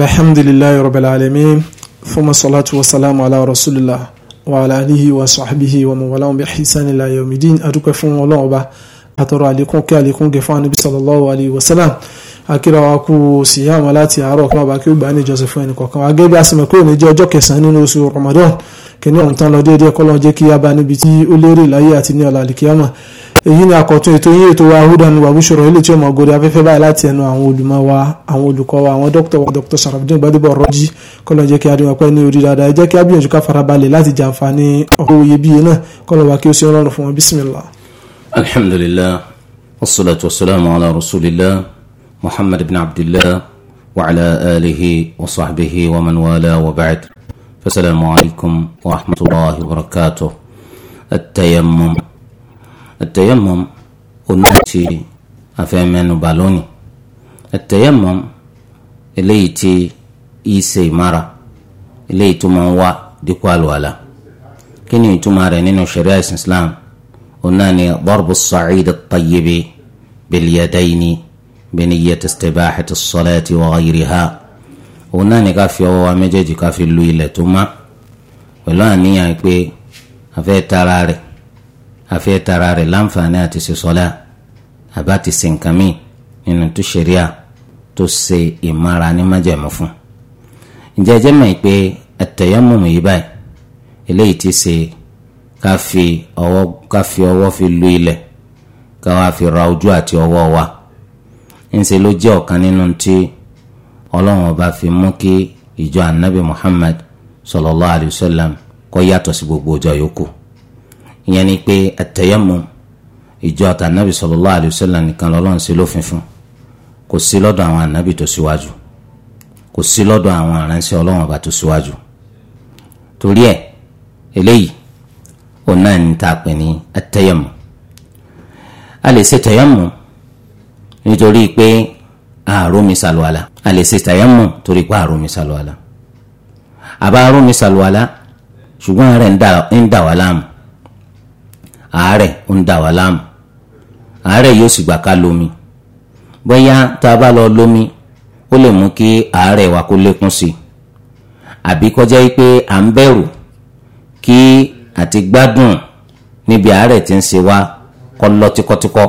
alhamdulilayi rabbil alamin fuma salatu wa salamu ala rasulillah wa ala alihi wa sahbihi wa mawalawo bi hisan ila yomidin adúpẹ́ fún Ọlọ́run Ọba atọrọ àlékún kí àlékún gẹ fún anabi sallallahu alayhi wa salam akira wa kú síyàmù láti àárọ̀ kí wọn bá kí ó gbà ní ìjọsìn fún ẹnì kọ̀ọ̀kan agẹ bí a sì mọ̀ pé ramadan kí ní ọ̀ntàn lọ déédéé kọ́ lọ́n jẹ́ kí a bá níbi tí ó lérè láyé èyí ni àkọ́tún ètò yín ètò wa húdánù wà búṣọ̀rọ̀ ilé tí ó mọ̀ gòdì afẹ́fẹ́ báyìí láti ẹnu àwọn olùmọ̀ wa àwọn olùkọ́ wa àwọn dókítà wa dókítà sàràbídìn gbadébọ̀ rọ́jí kọ́lọ̀ jẹ́ kí adéwọ̀n pẹ́ ní orí dáadáa ẹ jẹ́ kí abíyànjú ká farabalẹ̀ láti jàǹfààní ọ̀rọ̀ iyebíye náà kọ́lọ̀ wa kí ó ṣe rọrùn fún wọn bísímìlá. alhamdulilah at-tayammum oní àti afẹ́mẹ́nuba lónìí at-tayammum eléyìí tí ìṣe ìmára eléyìí tó máa ń wá dípò àlùwàlà kí ni ìtumọ̀ rẹ̀ nínú sharia islam oní àni darbu as-sa'id at-tayyib bil-yadayni biniyyati istibahati as-salati wa ghayriha òun náà ní ká fi ọwọ́ wa méjèèjì ká fi lu ilẹ̀ tó má pẹ̀lú àníyàn pé a fẹ́ tara rẹ̀ àfẹ́ tara rẹ̀ láǹfààní àti ṣe sọ́lá àbá ti ṣe nǹkan míì nínú tó ṣẹ̀ríà tó ṣe ìmára ní májẹ̀mú fún. ǹjẹ́ ẹjẹ́ mọ̀ pé àtẹ̀yẹ́mùmù yìí báyìí eléyìí ti ṣe ká fi ọwọ́ fi lu ilẹ̀ ká wá fi ra ojú àti ọwọ́ wa ńṣe ló jẹ́ ọ̀kan nínú tí ọlọ́run ọba fi mú kí ìjọ anabi Muhammad sallallahu alayhi wa sallam kó yàtọ̀ sí gbogbo ọjọ́ yòókù ìyẹn ni pé at-tayammum ìjọ àtànábì sallallahu alayhi wa sallam nìkan lọ́lọ́run sí lófin fún kò sí lọ́dọ̀ àwọn ànábì tó síwájú kò sí lọ́dọ̀ àwọn aránṣẹ́ Ọlọ́run ọba tó síwájú torí ẹ̀ eléyìí òun náà ní tá a pè ní at a lè ṣe tayammum nítorí pé àrùnmi sàlùwàlà a lè ṣe tayammum torí pé àrùnmi sàlùwàlà àbá àrùnmi sàlùwàlà ṣùgbọ́n rẹ̀ ń dà wá láàmú àárẹ̀ ó ń dà wá láàmú àárẹ̀ yóò sì gbà ká lomi bóyá tá a bá lọ lomi ó lè mú kí àárẹ̀ wa kó lékún sí i àbí kọjá pé à ń bẹ̀rù kí àti gbádùn níbi àárẹ̀ tí ń ṣe wá kọ́ lọ tíkọ́tíkọ́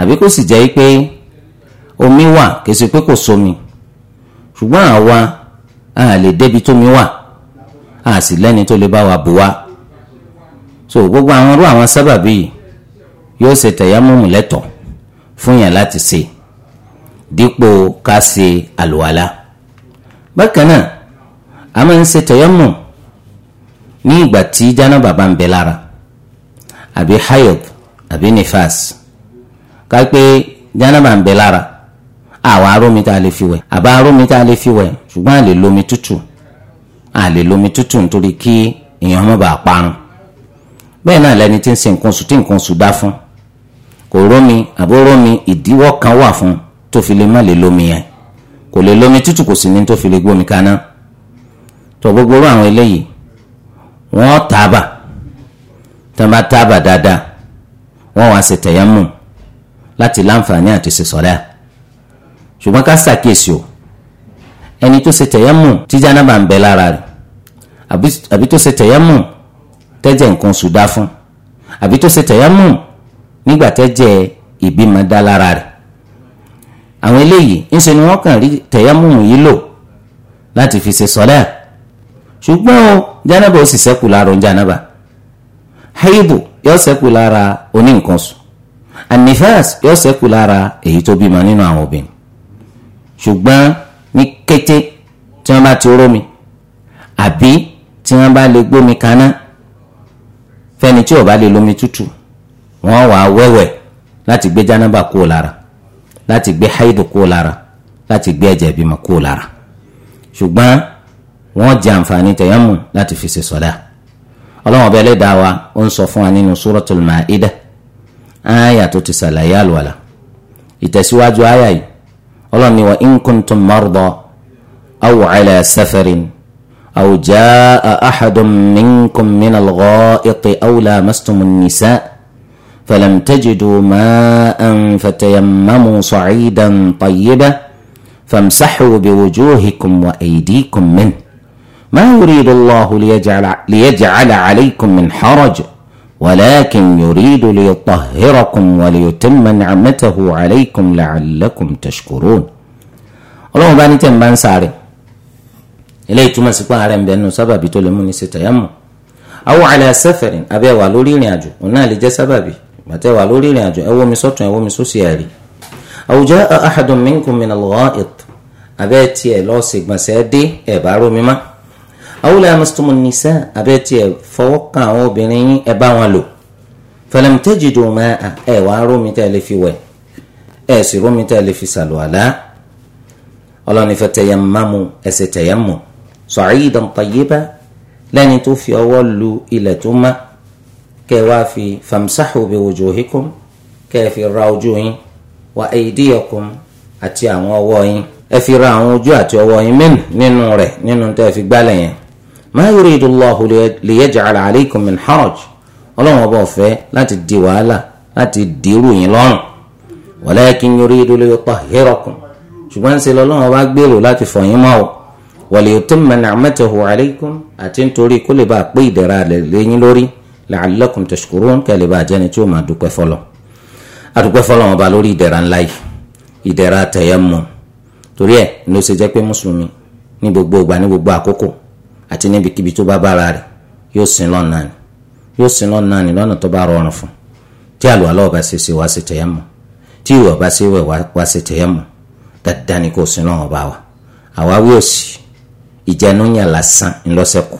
àbí kó sì jẹ́ pé omi wà kì pé kò sómi ṣùgbọ́n àwa a lè débi tómi wà a sì lẹ́ni tó lè bá wa bù wá so gbogbo àwọn irú àwọn sábàbí yìí yóò ṣe tẹ̀yámùmù lẹ́tọ̀ fún yàn láti ṣe dípò ká ṣe àlùwàlá bákan náà a máa ń ṣe tẹ̀yámùmù ní ìgbà tí jánábà bá ń bẹ lára àbí hayop àbí nifas ká pé jánábà ń bẹ lára àwa arómi tá a lè fi wẹ̀ àbá arómi tá a lè fi wẹ̀ ṣùgbọ́n a lè lomi tútù a lè lomi tútù nítorí kí èèyàn má bàa parun bẹ́ẹ̀ náà lẹni tí ń ṣe nǹkan oṣù tí nǹkan oṣù dá fún kò rómi àbó rómi ìdíwọ́ kan wà fún tó fi lè má lè lómi yẹn kò lè lómi tútù kò sì ní tó fi lè gbómi kaná tó gbogbo rú àwọn eléyìí wọ́n tábà tó bá tábà dáadáa wọ́n wá ṣe tẹ̀yẹ́mù láti láǹfààní àti ṣe à ṣùgbọ́n ká ṣàkíyèsí o ẹni tó ṣe tẹ̀yẹ́mù tí jánábà ń bẹ lára rẹ̀ àbí tó ṣe tẹ̀yẹ́mù tẹ́jẹ̀ nǹkan oṣù dá fún àbí tó ṣe tẹ̀yámù nígbà tẹ́jẹ̀ ìbímọ dá lára rẹ̀ àwọn eléyìí ńṣe ni wọ́n kàn rí tẹ̀yámù yìí lò láti fi ṣe sọ́lẹ̀ ṣùgbọ́n o jánábà ó sì ṣẹ́kù lára oúnjẹ ànábà haibu yóò ṣẹ́kù lára oní nǹkan oṣù anifas yóò ṣẹ́kù lára èyí tó bímọ nínú àwọn obìnrin ṣùgbọ́n ní kété tí wọ́n bá ti rómi àbí tí wọ́n bá lè gbómi kaná fẹ́ni tí ó bá lè lomi tútù wọ́n wà á wẹ́wẹ̀ láti gbé jánábà kúrò lára láti gbé haidu kúrò lára láti gbé ẹ̀jẹ̀ ìbímọ kúrò lára ṣùgbọ́n wọ́n jẹ àǹfààní tẹ̀yẹ́mù láti fi ṣe sọ́dá ọlọ́wọ́n ọba ẹlẹ́dàá wa ó ń sọ fún wa nínú suratul Maida ááyà tó ti ṣàlàyé àlùwàlà ìtẹ̀síwájú ááyà yìí ọlọ́ni wa in kuntum marda aw ala safarin أو جاء أحد منكم من الغائط أو لامستم النساء فلم تجدوا ماء فتيمموا صعيدا طيبا فامسحوا بوجوهكم وأيديكم منه ما يريد الله ليجعل, ليجعل عليكم من حرج ولكن يريد ليطهركم وليتم نعمته عليكم لعلكم تشكرون اللهم bá ní tẹ̀ eléyìí túmọ̀ sí pé àárẹ̀ ń bẹ nínú sábàbí tó lè mú ní ṣe tàyámù àwọn àlẹ́ sẹ́fẹ̀rìn abẹ́ wà lórí ìrìn àjò òun náà lè jẹ́ sábàbí bàtẹ́ wà lórí ìrìn àjò ẹ wọ́ mi sọ́tún ẹ wọ́ mi sósì ẹ̀rí àwùjọ ahadun minkum min al-gha'it abẹ́ tiẹ̀ lọ́ọ́ sègbọ̀nsẹ̀ dé ẹ̀ bá rómi má àwùlẹ̀ amastumu nisa abẹ́ tiẹ̀ fọwọ́ kan àwọn obìnrin yín ẹ bá wọn lò falam ọlọ́ni fẹ́ tẹ̀yẹ̀ mọ́mú ẹ̀sẹ̀ tẹ̀yẹ̀ mọ́ صعيدا طيبا لن توفي ولو الى ثم كوافي فامسحوا بوجوهكم كافي الراوجوه وايديكم اتيام ووين افي راوجوات ووين من نوره نينو تافي بالي ما يريد الله ليجعل عليكم من حرج ولو بوفي لا تدي ولا لا تدي ولكن يريد ليطهركم شو بنسي لولو ما بقبلوا لا تفهموا waliyutimma ni'matahu alaykum àti nítorí kó lè bá a pé ìdẹ̀ra rẹ̀ lẹ́yìn lórí la'allakum tashkurun kẹ́ lè bá a jẹ́ni tí ó máa dúpẹ́ fọlọ́ adúpẹ́ fọlọ́ wọn bá lórí ìdẹ̀ra ńlá yìí ìdẹ̀ra tayammum torí ẹ̀ ló ṣe jẹ́ gbogbo ìgbà ní gbogbo àkókò àti níbikíbi tó bá bára sin lọ́nà ni yóò sin lọ́nà ni lọ́nà tó bá rọrùn fún tí àlùwàlá ọba ṣe ṣe wá ṣe tayammum tí ìwẹ̀ ọba ṣe wẹ̀ wá ṣe tayammum dáadáa ni sin lọ́wọ́ ọba wa àwa wí òsì ìjẹnúyàn lásán ńlọ́sẹ̀kù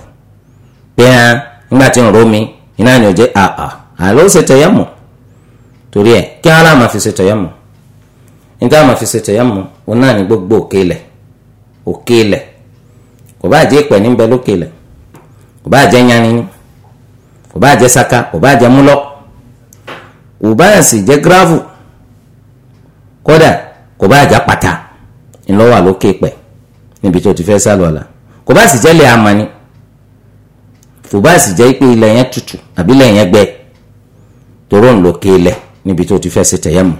bí wọn nígbà tí ń romi iná ni ò jẹ́ àà àlọ́ ó ṣe tẹ̀yẹ̀mù torí ẹ̀ kí wọn láà máa fi ṣe tẹ̀yẹ̀mù níta máa fi ṣe tẹ̀yẹ̀mù òun náà ní gbogbo òkè ilẹ̀ òkè ilẹ̀ kò bá jẹ́ ìpẹ́ níbẹ̀ lókè ilẹ̀ kò bá jẹ́ yanrin kò bá jẹ́ saka kò bá jẹ́ múlọ́ kò bá sì jẹ́ gíráfù kódà kò bá jẹ́ pàtà ńlọ́wà lókè ìpẹ́ níbi tó ti fẹ́ sálọ ọ̀la kò bá sì jẹ́ ilẹ̀ amani kò bá sì jẹ́ pé ilẹ̀ yẹn tutù àbí ilẹ̀ yẹn gbẹ toró ń lò ké níbi tó ti fẹ́ ṣe tẹ̀yẹ́mù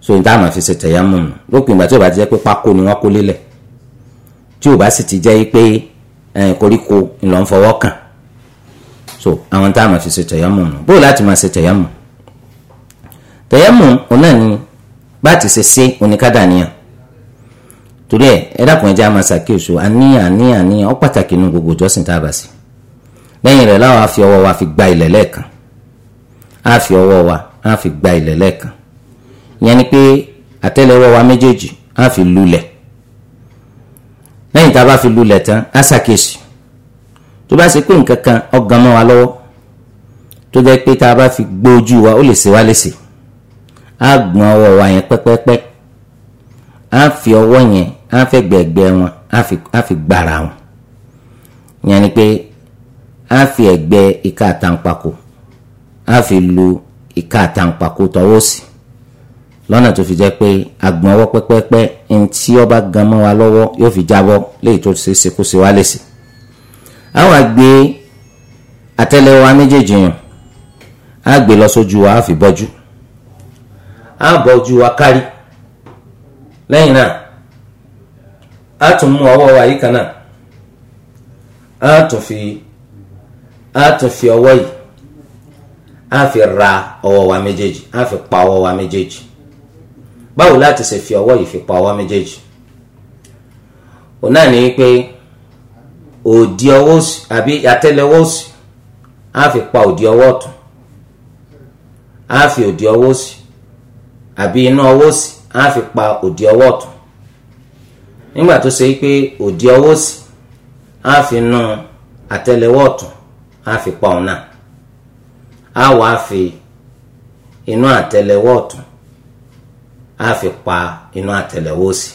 so ní táwọn fi ṣe tẹ̀yẹ́mù nù lópin ìgbà tí ò bá ti jẹ́ pé pákó ni wọ́n kó lélẹ̀ tí ò bá sì ti jẹ́ pé koríko ńlọ ń fọwọ́ kàn so àwọn táwọn fi ṣe tẹ̀yẹ́mù nù bó láti máa ṣe tẹ̀yẹ́mù tẹ̀yẹ́mù ọ̀nà ni bá ti ṣe ṣe oníkádàníyàn torí ẹ ẹ dákun ẹ jẹ́ àmà ṣàkíyèsí àníyàn àníyàn àníyàn ó pàtàkì inú gbogbo ìjọsìn tá a bá sí lẹ́yìn rẹ̀ láwa fi ọwọ́ wa fi gba ilẹ̀ lẹ́ẹ̀kan á fi ọwọ́ wa á fi gba ilẹ̀ lẹ́ẹ̀kan ìyẹn ni pé àtẹ́lẹwọ́ wa méjèèjì á fi lulẹ̀ lẹ́yìn tá a bá fi lulẹ̀ tán á ṣàkíyèsí tó bá ṣe pé nǹkan kan ọgàn mọ́ wa lọ́wọ́ tó jẹ́ pé tá a bá fi gbó ojú wa ó lè ṣe wá léṣe á gbọ́n ọwọ́ wa yẹn pẹ́pẹ́pẹ́ á fi ọwọ́ yẹn á fẹ́ gbẹ̀gbẹ́ wọn á fi gbára wọn ìyẹn ni pé á fi ẹ̀gbẹ́ ìka àtàǹpàkò á fi lu ìka àtàǹpàkò tọwọ́ sí lọ́nà tó fi jẹ́ pé agbọ̀n ọwọ́ pẹ́pẹ́pẹ́ ẹni tí ọba gan mọ́ wa lọ́wọ́ yóò fi jábọ́ léyìí tó ṣe é ṣe kó lẹ́sìn. a wá gbé méjèèjì yàn a gbé lọ sójú wa a fi bọ́jú a bọ́jú wa kárí lẹ́yìn náà a tún mú ọwọ́ wa yìí kan náà a tún fi a tún fi ọwọ́ yìí a fi ra ọwọ́ wa méjèèjì a fi pa ọwọ́ wa méjèèjì báwo láti ṣe fi ọwọ́ yìí fi pa ọwọ́ méjèèjì òun náà ní pé òdi ọwọ́ òsì àbí àtẹ́lẹwọ́ òsì a fi pa òdi ọwọ́ ọ̀tún a fi òdi ọwọ́ òsì àbí iná ọwọ́ òsì a fi pa òdi ọwọ́ ọ̀tún nígbà tó ṣe pé òdi ọwọ́ sí á fi na àtẹlẹwọ́ ọ̀tún á fi pa ọ̀nà á wà á fi inú àtẹlẹwọ́ ọ̀tún á fi pa inú àtẹlẹwọ́ òsì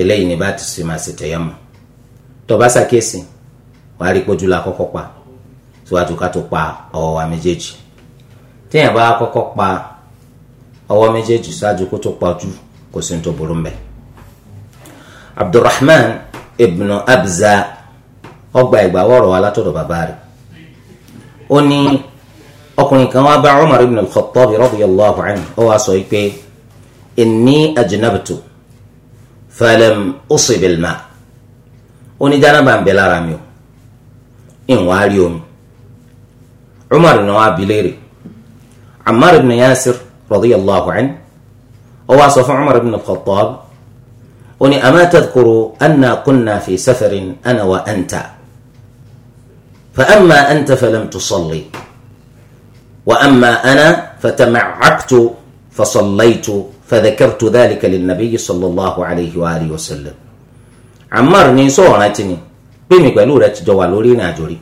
eléyìí ni bá ti ṣe máa ṣe tẹ̀yàmù tó bá ṣàkíyèsí wàá rí pójú la kọ́kọ́ pa síwájú ká tó pa ọwọ́ wa méjèèjì téèyàn bá kọ́kọ́ pa ọwọ́ méjèèjì ṣáájú kó tó pa ojú kò sí ní tó burú mbẹ́ abdulrahman ibn abza ọgbà ìgbàwọ̀rọ̀ wa látọ̀dọ̀ bàbá rẹ̀ ó ní ọkùnrin kan wá bá umar ibn al-khattab radiyallahu anhu ó wá sọ pé inni ajnabtu falam usib al-ma ó ní jánàbà ń bẹ lára mi o ìwọ̀n á rí omi umar ni wọ́n á bi léèrè ammar ibn yasir radiyallahu anhu ó wá sọ fún umar ibn al-khattab ó ní ama tadhkuru anna kunna fi safarin ana wa anta fa amma anta falam tusalli wa amma ana fatamacagtu fasallaytu fadakartu dhalika linnabiyi sallallahu alayhi wa alihi wa sallam Ammar ní sọ ọ̀ràn tí ni pé mi pẹ̀lú rẹ ti jọ wà lórí ìrìn àjò rí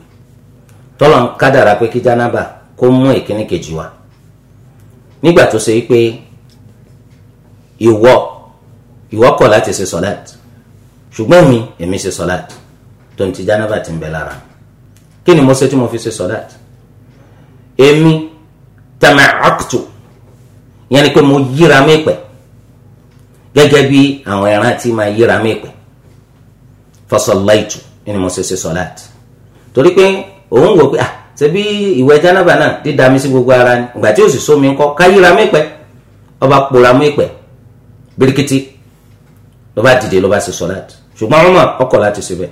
tọ́lọ̀ ń kádàrà pé kí jánábà kó mú ìkíní kejì wa nígbà ìwọ kọ̀ láti ṣe sọ̀láàt ṣùgbọ́n mi èmi ṣe sọ̀láàt tó ń ti jánábà ti ń bẹ lára kí ni mo ṣe tí mo fi ṣe sọ̀láàt èmi tama'aktu yẹn ni pé mo yíra mi pẹ̀ gẹ́gẹ́ bí àwọn ẹran tí máa yíra mi pẹ̀ fasalaitu ni mo ṣe ṣe sọ̀láàt torí pé òun wò pé ah ṣebí ìwẹ̀ jánábà náà dídá mi sí gbogbo ara ni ìgbà tí ó sì sómi ńkọ́ káyíra mi pẹ̀ ọba pòrà mi pẹ̀ birikiti ló bá dìde ló bá ṣe sọláàtì ṣùgbọ́n Umar ó kọ̀ láti ṣe bẹ́ẹ̀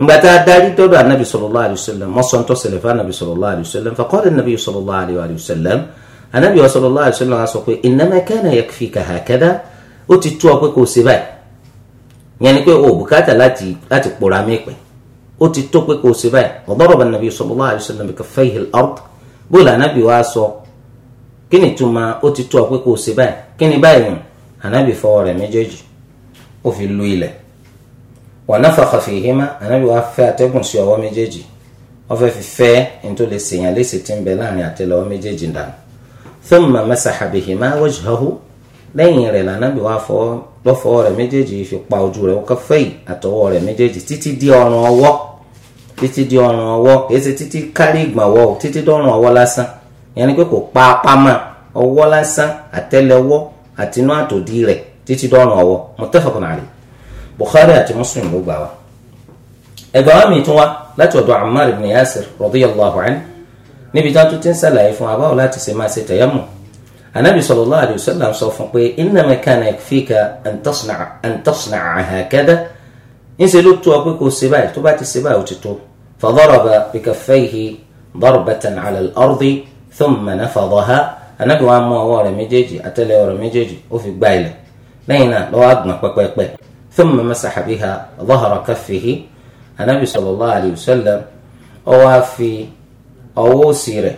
ǹgbà tá darí dọ́dọ̀ anabi sallallahu alayhi wa sallam mọ́sán tó ṣẹlẹ̀ fún anabi sallallahu alayhi wa sallam faqala anabi sallallahu alayhi wa sallam anabi sallallahu alayhi wa sallam sọ pé innama kana yakfika hakadha ó ti tó ọ pé kò ṣe báyìí yẹn ni pé o bùkátà láti láti pòórá mẹ́pẹ́ ó ti tó pé kò ṣe báyìí wa daraba anabi sallallahu alayhi wa sallam bi kaffayhi al-ard anabi wa sọ kí ni túmọ̀ ti tó ọ pé kò ṣe báyìí kí ni báyìí anabi fọwọ́ rẹ̀ méjèèjì o fi lu ilẹ̀ wa nafakha fihima ànábì wa fẹ́ atẹ́gùn sí ọwọ́ méjèèjì wọ́n fẹ́ fi fẹ́ ní lè sèyàn léṣe tí ń bẹ láàrin méjèèjì dànù lẹ́yìn rẹ̀ lànàbì rẹ̀ méjèèjì fi pa ojú rẹ̀ wọ́n di ọrùn ọwọ́ títí di ọrùn ọwọ́ títí kárí ìgbọ̀nwọ́ تيتي دون هو متفق عليه بخاري ات مسلم لو باوا اغامي توا لا تو عمار بن ياسر رضي الله عنه نبي جان تنسى لا يفون ابا ولا تسي ما سيتيمو النبي صلى الله عليه وسلم سوف يقول انما كان يكفيك ان تصنع ان تصنع هكذا ان سلوت وابكو سباي تبات السباي وتتو فضرب بكفيه ضربة على الأرض ثم نفضها أنا قوام ما هو رميجيجي أتلي ورميجيجي وفي بايلة lẹ́yìn náà lọ́wọ́ àgbọ̀n pẹ́pẹ́pẹ́ thumma masaha biha dhahra kaffihi anabi sallallahu alayhi wa sallam ó wá fi ọwọ́ òsì rẹ̀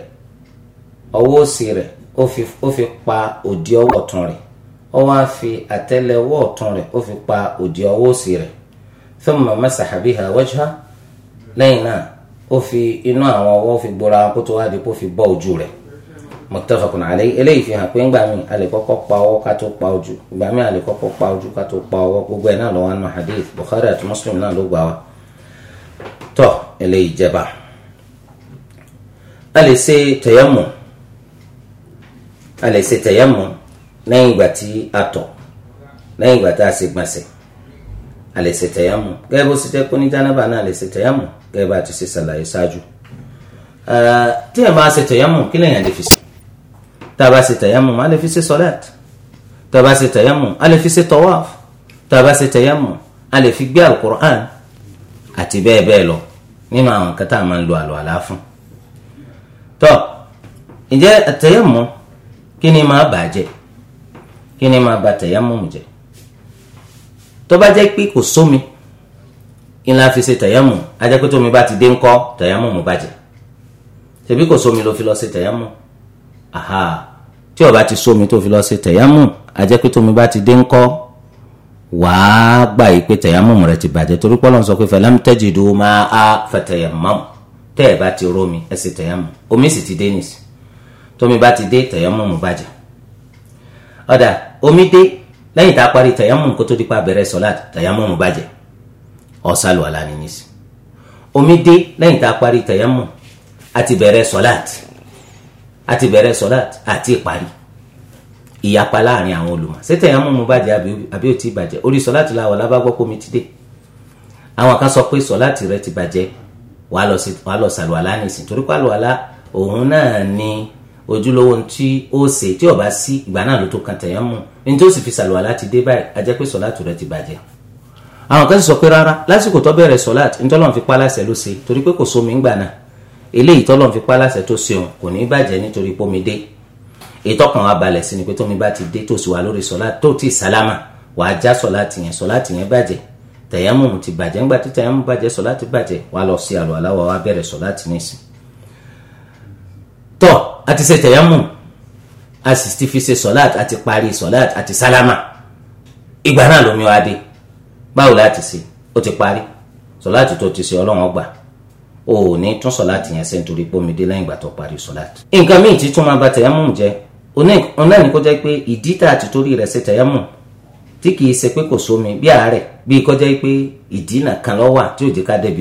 ọwọ́ òsì rẹ̀ ó fi pa òdì ọwọ́ ọ̀tún rẹ̀ ó wá fi àtẹ́lẹwọ́ ọ̀tún rẹ̀ ó fi pa òdì ọwọ́ òsì rẹ̀ thumma masaha biha wajha lẹ́yìn náà ó fi inú àwọn ọwọ́ fi gbóra kó wá di kó fi bọ́ ojú rẹ̀ muttafaqun alayhi eléyìí fi hàn pé ńgbà míì a lè kọ́kọ́ pa ọwọ́ ká tó pa ojú ìgbà míì a lè kọ́kọ́ pa ojú ká tó pa ọwọ́ gbogbo ẹ̀ náà lọ́wọ́ nù hadith Bukhari àti Muslim náà ló gbà wá tọ́ eléyìí jẹba a lè ṣe tayammum a lè ṣe tayammum lẹ́yìn ìgbà tí a tọ̀ lẹ́yìn ìgbà tá a ṣe gbọ̀nsẹ̀ a ṣe tayammum gẹ́gẹ́ bó ṣe jẹ́ pé ní jánábà náà a ṣe tayammum gẹ́gẹ́ bá ti ṣe ṣàlàyé ṣáájú tí ẹ̀ máa ṣe tayammum kí lèèyàn lè fi ṣe tá a bá ṣe tẹ̀yẹ́mù a lè fi ṣe sọ́lẹ́t tá a bá ṣe tẹ̀yẹ́mù a lè fi ṣe tọ́wáf tá a bá ṣe tẹ̀yẹ́mù a lè fi gbé alukur'an àti bẹ́ẹ̀ bẹ́ẹ̀ lọ nínú àwọn nǹkan máa ń lo àlùwàlá fún. tọ́ ǹjẹ́ tẹ̀yẹ́mù kí ni máa bàjẹ́ kí ni máa ba tẹ̀yẹ́mù jẹ́ tó jẹ́ pé kò sómi ìlà fi ṣe tẹ̀yẹ́mù ajẹ́pẹ́tọ́mi bá ti dé ńkọ́ tẹ̀yẹ́mù mú bàjẹ́ ṣebí kò sómi ló fi lọ ṣe tẹ̀yẹ́mù tí o bá ti sómi tó fi lọ ṣe tẹ̀yámù àjẹ́ pé tómi bá ti dé ńkọ́ wàá gbà yí pé tẹ̀yámù rẹ ti bàjẹ́ torí pọ́lọ́n sọ pé fẹ̀lẹ́m tẹ́jìdó máa á fẹ̀tẹ̀yámù tẹ́ ẹ̀ bá ti rómi ẹ̀ sì tẹ̀yámù omi sì ti dé nìsí tómi bá ti dé tẹ̀yámù mú bàjẹ́ ọ̀dà omi dé lẹ́yìn tá a parí tẹ̀yámù kó tó di pa bẹ̀rẹ̀ sọ́lá tẹ̀yámù mú bàjẹ́ ọ̀sálùwàlá ni nìsí omi dé lẹ́yìn tá a parí tẹ̀yámù àti bẹ̀rẹ̀ sọ́láàtì àti bẹ̀rẹ̀ sọ́láàt àti ìparí ìyapa láàrin àwọn olùmọ̀ sẹ́tẹ̀ yẹn mú mu bàjẹ́ àbí ó ti bàjẹ́ orí sọ́láàtì làwọ̀ lábàgbọ́ pómi ti dé àwọn kan sọ pé sọ́láàtì rẹ ti bàjẹ́ wàá lọ sàlùwàlá nìsín torí pé àlùwàlá òun náà ni ojúlówó tí ó ṣe tí ó bá sí ìgbà náà ló tó kan tẹ̀yẹ́ mú ní tó sì fi sàlùwàlá ti dé báyìí a jẹ́ pé sọ́láàtì rẹ ti bàjẹ́ àwọn kan sì sọ pé rárá lásìkò tó bẹ̀rẹ̀ sọ́láàtì ntọ́lọ́run fi eléyìí tọ́lọ́n fi pálásẹ̀ tó ṣeun kò ní bàjẹ́ nítorí pómidé ètò ọkàn wa balẹ̀ sí ni pé tómi bá ti dé tó sì wà lórí sọlá tó ti sálámà wàá já sọlá tìyẹn sọlá tìyẹn bàjẹ́ tẹ̀yẹ́mù ti bàjẹ́ ńgbà tí tẹ̀yẹ́mù bàjẹ́ sọlá ti bàjẹ́ wàá lọ sí àlọ́ aláwọ̀ wa bẹ̀rẹ̀ sọlá tì ní ìsìn. tọ́ a ti ṣe tẹ̀yẹ́mù a sì ti fi ṣe sọlá a ti parí sọlá a ti sálámà ìgbà náà lómi wa dé báwo láti ṣe ó ti parí sọlá ti tó ti ṣe ọlọ́run ọgbà o ò ní tún sọ̀láàtì yẹn ṣe nítorí pé omi dé lẹ́yìn ìgbà tó parí sọ̀láàtì. nǹkan míì tí tún máa ba tẹ̀yẹ́mù jẹ́ òun ní kó ti torí rẹ̀ ṣe tẹ̀yẹ́mù tí kìí ṣe pé kò sómi bí àárẹ̀ bíi kó jẹ́ pé ìdínà kan ló tí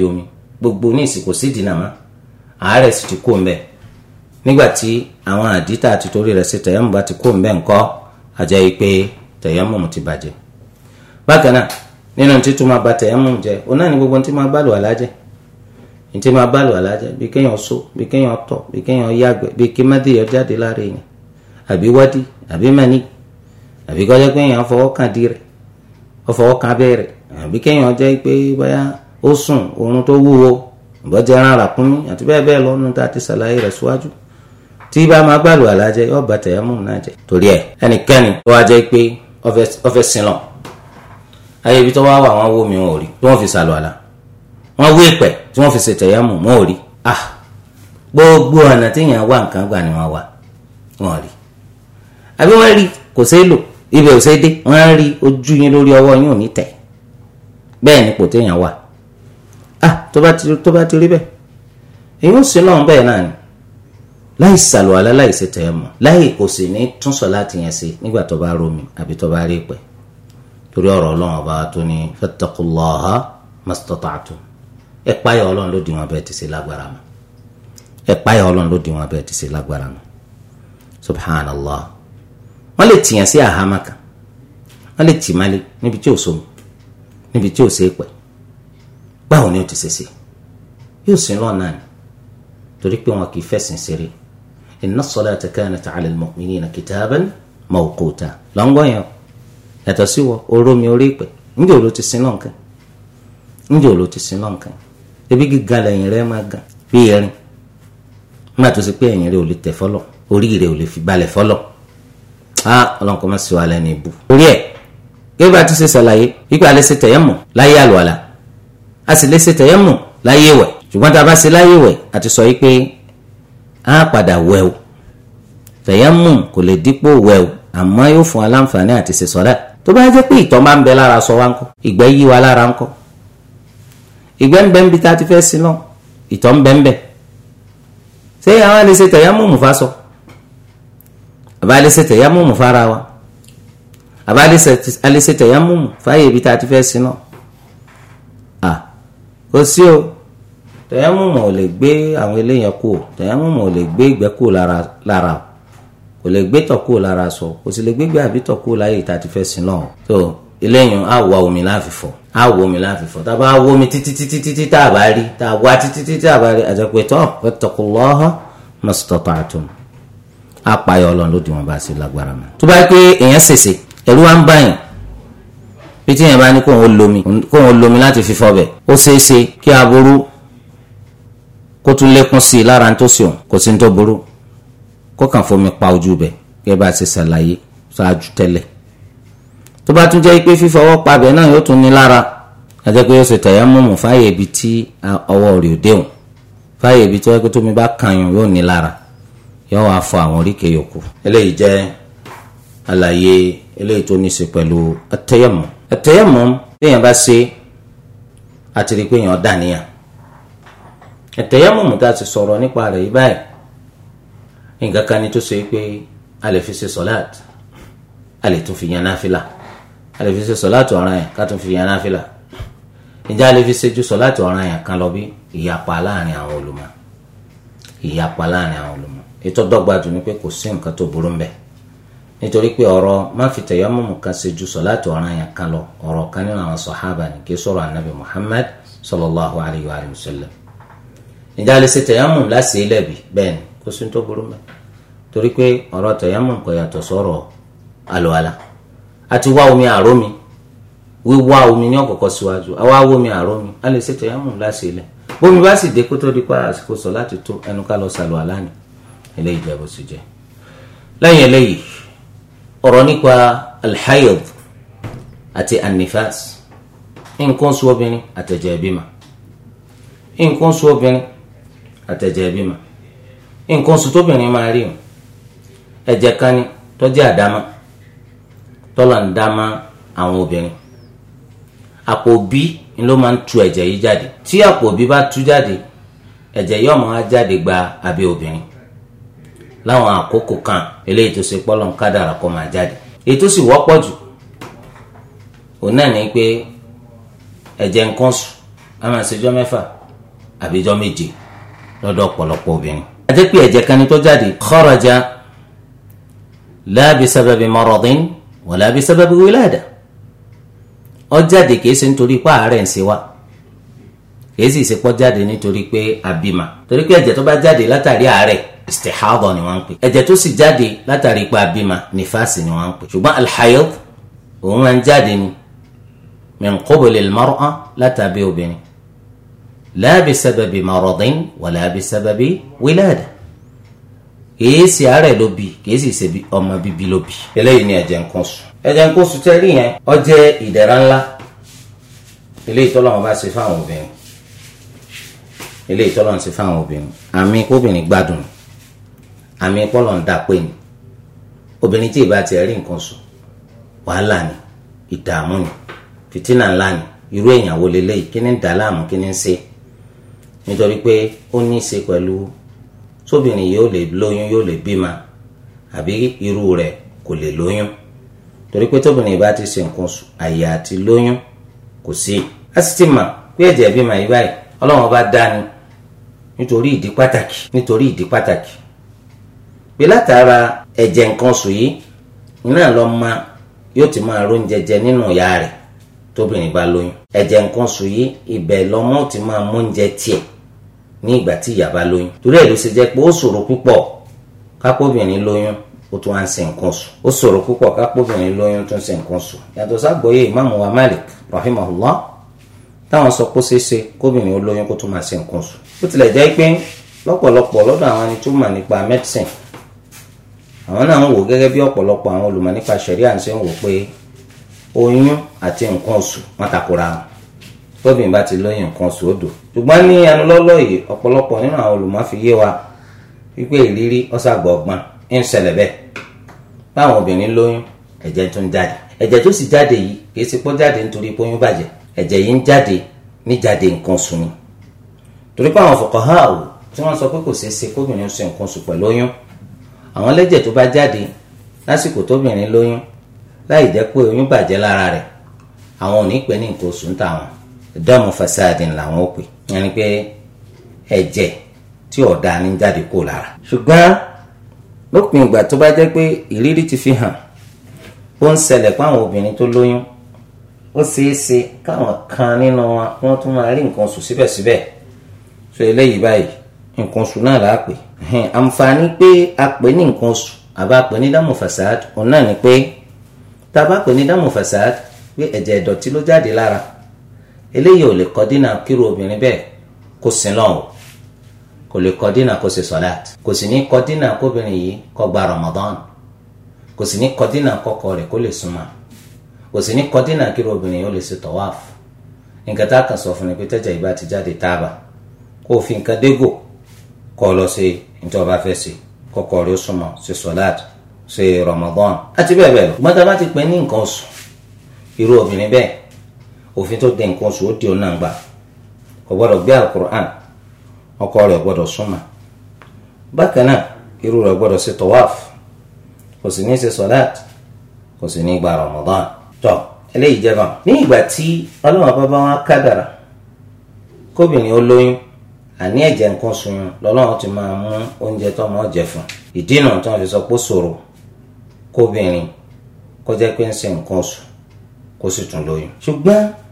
omi gbogbo ní ìsìnkò sí ìdínà mọ́ àárẹ̀ sì ti kó ń bẹ̀ nígbà ti torí rẹ̀ ṣe tẹ̀yẹ́mù bá ti kó ń bẹ̀ ńkọ́ ní tí máa bá lò alájẹ bí kéèyàn so bí kéèyàn tọ̀ bí kéèyàn yàgbẹ́ bí kí má déyọ jáde lára èèyàn àbí wádìí àbí mani àbí kọjá pé èèyàn fọwọ́ kan di rẹ̀ ó fọwọ́ kan abẹ́ rẹ̀ àbí kéèyàn jẹ́ pé bóyá ó sùn oorun tó wúwo ìbọ̀jẹ̀ ara rà àti bẹ́ẹ̀ bẹ́ẹ̀ lọ́nu tá a ti ṣàlàyé rẹ̀ síwájú tí bá máa bá lò alájẹ yóò bá tẹ̀yàmù náà jẹ torí ẹ ẹnikẹ́ni ó wá jẹ́ pé ó fẹ́ sílọ̀ ayé ibi tó wá wà wọ́n wó mi wọn ò rí tí wọ́n fi ṣàlọ́ àlà wọ́n wé pẹ̀ tí wọ́n fi ṣètẹ̀yà mọ̀ wọ́n ò rí ah gbogbo ọ̀nà téèyàn wá nǹkan gbà ni wọ́n wà wọ́n rí àbí wọ́n rí kò ṣeé lò ibẹ̀ ò ṣeé dé wọ́n rí ojú yín lórí ọwọ́ yín ò ní tẹ̀ bẹ́ẹ̀ ni kò téèyàn wà ah tó bá ti tó bá ti rí bẹ́ẹ̀ èyí ń sin náà bẹ́ẹ̀ náà ni láì sàlùwàlá láì ṣètẹ̀yà mọ̀ láì kò sì ní tún sọ̀láàtì yẹn ṣe nígbà tó bá romi àbí tó bá rí pẹ̀ torí ọ̀rọ̀ ọlọ́run ọba tó ní fattaqullaha mastata'tum ẹ páyà ọlọ́run ló di wọn bẹ́ẹ̀ ti ṣe lágbára mọ́ ẹ páyà ọlọ́run ló di wọn bẹ́ẹ̀ ti ṣe lágbára mọ́ subhanallah wọ́n lè tìyàn sí àhámà kan wọ́n lè tì malé níbi tí ò sómi níbi tí ò ṣe é pẹ́ báwo ni ó ti ṣe ṣe yóò sin lọ́nà ni torí pé wọn kì í fẹ̀sìn ṣeré inna salata kanat ala al-mu'minina kitaban mawquta lọ́ngọ́ yàtọ̀ sí wọ oró mi orí ìpẹ́ ǹjẹ́ ò ló ti sin lọ́nkàn ǹjẹ́ ò ló ti sin lọ́nkàn ebi gíga lẹ́yìn rẹ máa gàn bí erin nígbà tó ṣe pé ẹ̀yìn rẹ ò lè tẹ̀ fọlọ̀ orí rẹ ò lè fi balẹ̀ fọlọ̀ á ọlọ́run kọ́ mọ́ sí wa lẹ́nu ìbú. orí ẹ̀ gẹ́gẹ́ bá a ti ṣe ṣàlàyé wípé a lè ṣe tẹ̀yẹ̀mọ̀ láyé àlùwàlà a sì lè ṣe tẹ̀yẹ̀mọ̀ láyé wẹ̀ ṣùgbọ́n tá a bá ṣe láyé wẹ̀ a ti sọ yìí pé a padà wẹ̀ o tẹ̀yẹ̀mọ̀ kò lè dípò wẹ̀ o àmọ́ yóò fún aláǹfààní àti ṣe sọ ìgbẹ́ ń bẹ ń bi tá a ti fẹ́ sin náà ìtọ̀ ń bẹ ń bẹ ṣé àwọn àlè ṣe fa sọ àbá àlè ṣe fara wa àbá àlè ṣe tẹ̀yà mọ̀mù fáyè ibi tá a ti fẹ́ sin náà à kò sí o tẹ̀yà mọ̀mù ò lè gbé àwọn eléyàn kú o tẹ̀yà mọ̀mù ò lè gbé ìgbẹ́ kú lára o kò lè gbé tọ̀ kú lára sọ kò sì lè gbégbé àbí tọ̀ kú láyè tá ti fẹ́ sin náà eléyìí á wá omi láàfin fọ á wọ omi láàfin fọ tábà wọ omi títí títí títí tá a bá rí tá a wá títí títí tá a bá rí àjẹpẹ tó fattaqullaha mastata'tum á payọ Ọlọ́run lóde wọn bá sí lágbára mọ. tó bá pé èèyàn ṣèṣe ẹ̀rú wa ń báyìí bí tí èèyàn bá ní kóun lomi kóun lomi láti fi fọ bẹ̀ ó ṣeé ṣe kí aburú kó tún lékún sí i lára tó sì òun kò sí ní tó burú kó kàn fomi pa ojú bẹ̀ kí ẹ bá ṣe ṣàlàyé ṣáájú tẹ́lẹ̀ tó bá tún jẹ́ pé fífọwọ́ pabẹ̀ náà yóò tún ní lára àti pé yóò ṣe tàyámùmù fáyè ibi tí ọwọ́ rẹ̀ ò déhùn fáyè ibi tó yẹ pé tómi bá kàyàn yóò ní lára yóò wá fọ àwọn oríkèé yòókù. eléyìí jẹ́ àlàyé eléyìí tó ní í ṣe pẹ̀lú àtẹ̀yẹ̀mọ̀ àtẹ̀yẹ̀mọ̀ téèyàn bá ṣe àti rí pé èèyàn dàníyàn àtẹ̀yẹ̀mọ̀ tá a ti sọ̀rọ̀ nípa rẹ̀ yìí báyìí nǹkan kan ni tó ṣe pé a lè fi ṣe sọ̀láàt a lè tún fi yan náfìlà a lè fi ṣe sọ̀láàtì ọ̀ràn yẹn ká tún fi yan náfìlà ǹjẹ́ a lè fi ṣe ju sọ̀láàtì ọ̀ràn yẹn kan lọ bí ìyapa láàrin àwọn olùmọ̀ ìyapa láàrin àwọn olùmọ̀ ètò dọ́gba jù ni pé kò sí nǹkan tó burú mbẹ̀ nítorí pé ọ̀rọ̀ má fi tẹ̀yọ́mọ̀mù kan ṣe ju sọ̀láàtì ọ̀ràn yẹn kan lọ ọ̀rọ̀ kan nínú àwọn sọ̀hábà ní kí sọ̀rọ̀ ànábì Muhammad sallallahu alayhi wa sallam ǹjẹ́ a lè ṣe tẹ̀yọ́mọ̀mù láti ilẹ̀ bí bẹ́ẹ̀ ni kò sí nǹkan tó burú mbẹ̀ torí pé kò yàtọ̀ sọ̀rọ̀ àlùwàlá àti wá omi àró mi wíwá omi ní ọ̀kọ̀ọ̀kọ̀ síwájú àwa wá omi àró mi a lè ṣètò yàmù láṣẹ ilẹ̀ bómi bá sì dé kó tó di pa àsìkò sọ láti tó ẹnu ká lọ sàlù àlàní eléyìí jẹ́ bó sì jẹ́ lẹ́yìn eléyìí ọ̀rọ̀ nípa alhayod àti anifas nǹkan oṣù obìnrin àtẹ̀jẹ̀ ìbímọ nǹkan oṣù obìnrin àtẹ̀jẹ̀ ìbímọ nǹkan oṣù tóbìnrin máa rí ẹ̀jẹ̀ kan ni tó àdámọ́ tọ́lọ̀ ń dá mọ́ àwọn obìnrin àpò òbí ló máa ń tu ẹ̀jẹ̀ yìí jáde tí àpò òbí bá tú jáde ẹ̀jẹ̀ yóò máa jáde gba abẹ́ obìnrin láwọn àkókò kan eléyìí tó ṣe pọ́lọ́n kádàrà kó máa jáde èyí tó sì wọ́pọ̀ jù òun náà ní pé ẹ̀jẹ̀ nǹkan sùn a máa ṣèjọ́ mẹ́fà àbíjọ́ méje lọ́dọ̀ ọ̀pọ̀lọpọ̀ obìnrin. àti ẹ̀jẹ̀ kan ni tó jáde kharaja la bi sababi wala bi sábàbí wílàdà ó jáde kìí ṣe nítorí pé àárẹ̀ ń ṣe wá kìí sì ṣe pọ́ jáde nítorí pé àbímà torí pé ẹ̀jẹ̀ tó bá jáde látàrí àárẹ̀ istihada ni wọ́n ń pè ẹ̀jẹ̀ tó sì jáde látàrí pé àbímà nífàsì ni wọ́n ń pè ṣùgbọ́n alhayod òun máa ń jáde ni min qubuli almar'a látàbí obìnrin la bi sábàbí maradin wala bi sábàbí wílàdà kìí ṣe àárẹ̀ ló bì kìí sì ṣe ọmọ bíbí ló bì. eléyìí ni ẹ̀jẹ̀ nǹkan oṣù. ẹ̀jẹ̀ nǹkan oṣù tẹ́ rí yẹn ó jẹ́ ìdẹ̀ra ńlá eléyìí tọ́lọ́run bá ṣe fáwọn obìnrin eléyìí tọ́lọ́run ṣe fáwọn obìnrin àmì kóbìnrin gbádùn àmì pọ́lọ̀ ń dà ni obìnrin tí ìbá tiẹ̀ rí nǹkan oṣù wàhálà ni ìdààmú ni fìtínà ńlá ni irú èèyàn wo leléyìí kí ni ń dà láàmú kí ni ń ṣe nítorí pé ó ní sóbìnrin yóò lè lóyún yóò lè bímọ àbí irú rẹ̀ kò lè lóyún torí pé tóbìnrin bá ti ṣe nǹkan àyè àti lóyún kò sí a sì ti mọ̀ pé ẹ̀jẹ̀ bímọ yìí báyìí ọlọ́run bá dání nítorí ìdí pàtàkì nítorí ìdí pàtàkì pé látara ẹ̀jẹ̀ nǹkan oṣù yìí iná lọ́mọ yóò ti máa róúnjẹ jẹ nínú ìyá rẹ̀ tóbìnrin bá lóyún ẹ̀jẹ̀ nǹkan oṣù yìí ibẹ̀ lọ́mọ ti máa móúnjẹ tiẹ̀ ní ìgbà tí ìyá bá lóyún torí ẹ̀ ló ṣe jẹ́ pé ó ṣòro púpọ̀ kápóbìnrin lóyún ó tún wá ń ṣe nǹkan oṣù ó ṣòro púpọ̀ kápóbìnrin lóyún tún ṣe nǹkan oṣù yàtọ̀ ságbóyè ìmáàmù wa Malik rahimahullah táwọn sọ pé ṣeéṣe kóbìnrin ó lóyún kó tún máa ṣe nǹkan oṣù ó tilẹ̀ jẹ́ pé lọ́pọ̀lọpọ̀ lọ́dọ̀ àwọn ẹni tó mà nípa medicine àwọn náà ń wò gẹ́gẹ́ bí ọ̀pọ̀lọpọ̀ àwọn olùmọ̀ nípa ṣẹ̀ríà ń ṣe ń wò pé oyún àti nǹkan oṣù wọ́n takora wọn tóbìn bá ti lóyún nǹkan sódò ṣùgbọ́n ní anulọ́lọ́ yìí ọ̀pọ̀lọpọ̀ nínú àwọn olùmọ́fiyé wa wípé ìrírí ọ̀sàgbọ̀ ọgbọ́n ń ṣẹlẹ̀ bẹ́ẹ̀ báwọn obìnrin lóyún ẹ̀jẹ̀ tó ń jáde ẹ̀jẹ̀ tó sì jáde yìí kì ṣe pọ́ jáde nítorí pé bàjẹ́ ẹ̀jẹ̀ yìí ń jáde ní jáde nǹkan sùn ni torí pé àwọn fọkàn hàn áwò tí wọ́n sọ pé kò ṣeé ṣe kóbìnrin ṣe nǹkan sùn pẹ̀lú oyún àwọn lẹ́jẹ̀ tó bá jáde lásìkò tóbìnrin lóyún láì jẹ́ pé oyún bàjẹ́ lára rẹ̀ àwọn ò ní pẹ́ ní nǹkan sùn táwọn dọ́mù fasadin làwọn ò pè ẹni pé ẹ̀jẹ̀ tí ọ̀dà ni jáde kó lára. ṣùgbọ́n lópin ìgbà tó bá jẹ́ pé ìrírí ti fi hàn ó ń ṣẹlẹ̀ páwọn obìnrin tó lóyún ó ṣeé ṣe káwọn kan nínú wọn wọ́n tún máa rí nǹkan oṣù síbẹ̀síbẹ̀ so eléyìí báyìí nǹkan oṣù náà là á pè àǹfààní pé a pè ní nǹkan oṣù àbá pè ní dámù fasad òun náà ni pé tá a bá pè ní dámù fasad pé ẹ̀jẹ̀ ìdọ̀tí ló jáde lára eléyìí ò lè kọ́ dínà obìnrin bẹ́ẹ̀ kó sin o kò lè kọ́ dínà kó ṣe sọ́láàt kò sì ní kọ́ dínà kóbìnrin yìí kọ́ gba Ramadan kò sì ní kọ́ dínà kọ́kọ́ rẹ̀ obìnrin yìí ó lè ṣe tọ́wáf nǹkan tá a kàn ni pé tẹ́jà ìbá ti jáde táàbà kó o fi nǹkan dégò kọ́ ọ lọ sí ìjọba fẹ́ sí Ramadan òfin tó de nǹkan oṣù ó di òun náà gbà kò gbọ́dọ̀ gbé alukur'an ọkọ rẹ̀ gbọ́dọ̀ súnmọ́ bákan náà irú rẹ̀ gbọ́dọ̀ ṣe tọ́wáf kò sì ní ṣe sọ́láàt kò sì ní gba Ramadan tó eléyìí jẹ́ báwọn. ní ìgbà tí ọlọ́run bàbá wọn kádàrà kóbìnrin ó lóyún àní ẹ̀jẹ̀ nǹkan oṣù yẹn lọ́lọ́run ti máa mú oúnjẹ tó máa jẹ fún ìdínà tí wọ́n fi sọ pé ṣòro kóbìnrin kó jẹ́ pé ń ṣe nǹkan oṣù kó sì tún lóyún. ṣùgbọ́n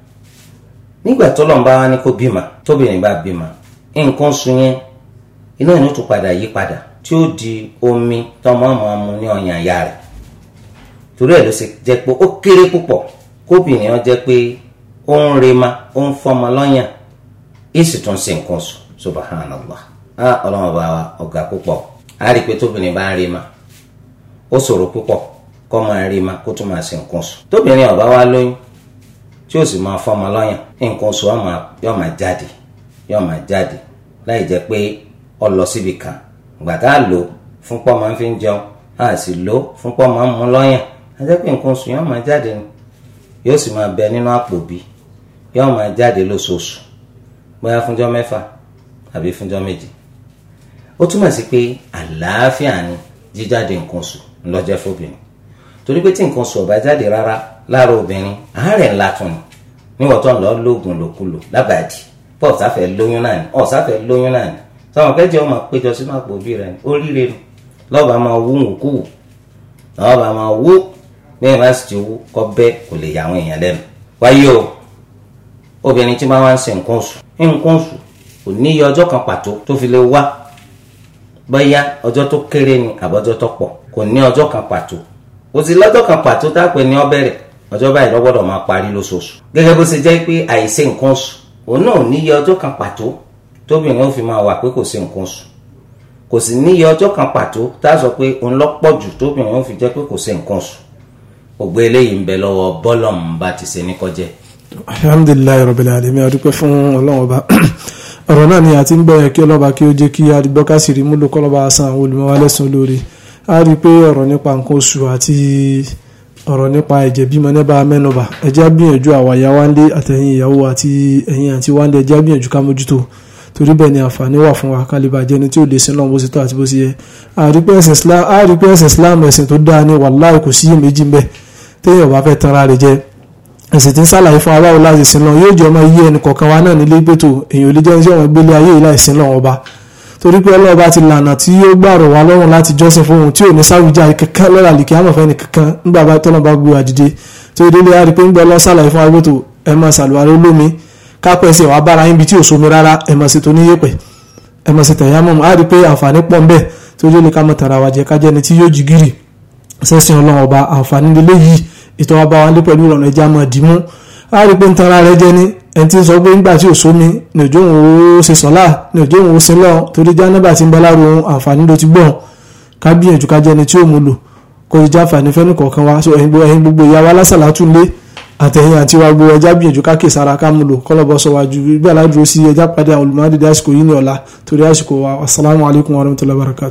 nígbà tọ́lọ̀ ń bá wá ní kó bímọ tóbìnrin bá bímọ nǹkan oṣù yẹn iná ìní tó padà di omi tọmọ ọmọ ní ọyàn àyà rẹ̀ torí ẹ̀ ló ṣe pé ó kéré kóbìnrin ọ jẹ́ pé ó ń rema ó ń fọmọ lọ́yàn èsì tó ń ṣe nǹkan oṣù subhanallah á ọlọ́run bá wa ọ̀gá púpọ̀ á rí i pé tóbìnrin bá ń rema ó tí ó sì máa fọmọ lọ́yàn nǹkan oṣù yóò máa jáde yóò máa jáde láì jẹ́ pé ọ lọ síbi kan ìgbà tá a lò fún pọ́ máa ń fi jẹun a sì lò fún pọ́ máa ń mu lọ́yàn a jẹ́ pé nǹkan oṣù yóò máa jáde ni yóò sì máa bẹ nínú àpò bí yóò máa jáde lóṣooṣù bóyá fúnjọ́ mẹ́fà àbí fúnjọ́ méje ó túmọ̀ sí pé àlàáfíà ni jíjáde nǹkan oṣù ńlọ́jẹ́ fóbìnrin torí pé tí nǹkan oṣù ò jáde rárá lára obìnrin àárẹ̀ ńlá tún ni níwọ̀n tó ń lọ lóògùn lòkulò lábàdì pọ̀ sáfẹ́ lóyún náà ni ọ̀ sáfẹ́ lóyún náà ni sọ̀rọ̀ kẹ́jọ́ ọmọ péjọ sínú àpò òbí rẹ̀ ni oríire nu lọ́ọ̀bà máa wú òkú lọ́ọ̀bà máa wú bẹ́ẹ̀ bá sì ti wú kọ́ bẹ́ẹ̀ kò lè yà èèyàn lẹ́nu wáyé o obìnrin tí máa wá ń ṣe nǹkan oṣù nǹkan oṣù kò ní ọjọ́ kan pàtó tó fi lè wá bóyá ọjọ́ tó kéré ni àbọ̀jọ́ tó pọ̀ kò ní ọjọ́ kan pàtó kò sí lọ́jọ́ kan pàtó tá a pè ní ó bẹ̀rẹ̀ ọjọ́ báyìí ló gbọ́dọ̀ máa parí lóṣooṣù. gẹ́gẹ́ bó ṣe jẹ́ pé àìṣe nǹkan oṣù òun náà níye ọjọ́ kan pàtó tóbìnrin ó fi máa wà pé kò ṣe nǹkan oṣù kò sì níye ọjọ́ kan pàtó tá a sọ pé òun lọ pọ̀ jù tóbìnrin ó fi jẹ́ pé kò ṣe nǹkan oṣù ògbé eléyìí ń bẹ lọ́wọ́ bọ́lọ̀mù bá ti ṣe ní kọjẹ́. alhamdulilayi rabbil alamin a dúpẹ́ fún ọlọ́run ọba ọ̀rọ̀ náà ni àti ń gbọ́ kí ọlọ́ba kí ó jẹ́ kí adigbọ́kásìrí múlò kọ́lọ́ba san àwọn lórí a rí i pé ọ̀rọ̀ nípa nǹkan oṣù àti ọ̀rọ̀ nípa ẹ̀jẹ̀ bímọ nẹ́bà mẹ́nubà ẹjẹ́ gbìyànjú àwa ìyá wáńdé àtẹ̀yìn ìyàwó àti ẹ̀yìn àti wáńdé ẹjẹ́ gbìyànjú ká mójútó torí bẹ́ẹ̀ ni àǹfààní wà fún wa kálíbà jẹni tí ò lè sin náà bó ṣe tó àti bó ṣe yẹ àrípẹ́ ẹ̀sìn Islam ẹ̀sìn tó dáa ni wàláì kò sí méjì ń bẹ téèyàn bá fẹ́ tanra rẹ̀ jẹ ẹ̀sìn tí ń sàlàyé fún aráàlú láti sin náà yóò jẹ́ ọmọ iye ẹnì kọ̀ọ̀kan wa náà nílé gbẹ́tò èèyàn ò lè jẹ́ ẹni tí gbélé ayé yìí láì sin náà ọba torí pé ọlọ́run bá ti lànà tí yóò gbàrọ̀ wá lọ́rùn láti jọ́sìn fún òun tí ò ní sáwùjá kankan lọ́la lìkì àmọ̀fẹ́ ní kankan nígbà bá tọ́lọ́ bá gbé wa dìde tó délé a rí pé ń gbọ́ lọ́ sàlàyé fún agbóto ẹ máa ṣàlùwárí olómi kápẹ́ sí ẹ̀wà bára yín bí tí ò sómi rárá ẹ máa ṣe tó níyẹ̀pẹ̀ ẹ máa ṣe tẹ̀yà mọ́mọ́ a pé àǹfààní pọ̀ ń bẹ̀ tó délé ká ẹni tí ń sọ pé ńgbà tí o sómi ní òjò òun ó ṣe sọ́lá ní òjò òun ó sin lọ́n torí jánábà ti ń bẹ láàrú ohun àǹfààní ló ti gbọ́n ká gbìyànjú ká jẹni tí ò mú lò kó ìjà àǹfààní fẹ́nu kọ̀ọ̀kan wa ẹ̀yin gbogbo ìyá wa lásàlá tún lé àtẹ̀yìn àti wa gbogbo ẹja gbìyànjú ká kè sára ká mú lò kọ́lọ́bọ̀ sọ wájú gbígbà ládùúró sí ẹja padà olùmọ̀ádìdí àsìkò yìí ní ọ̀la torí àsìkò wa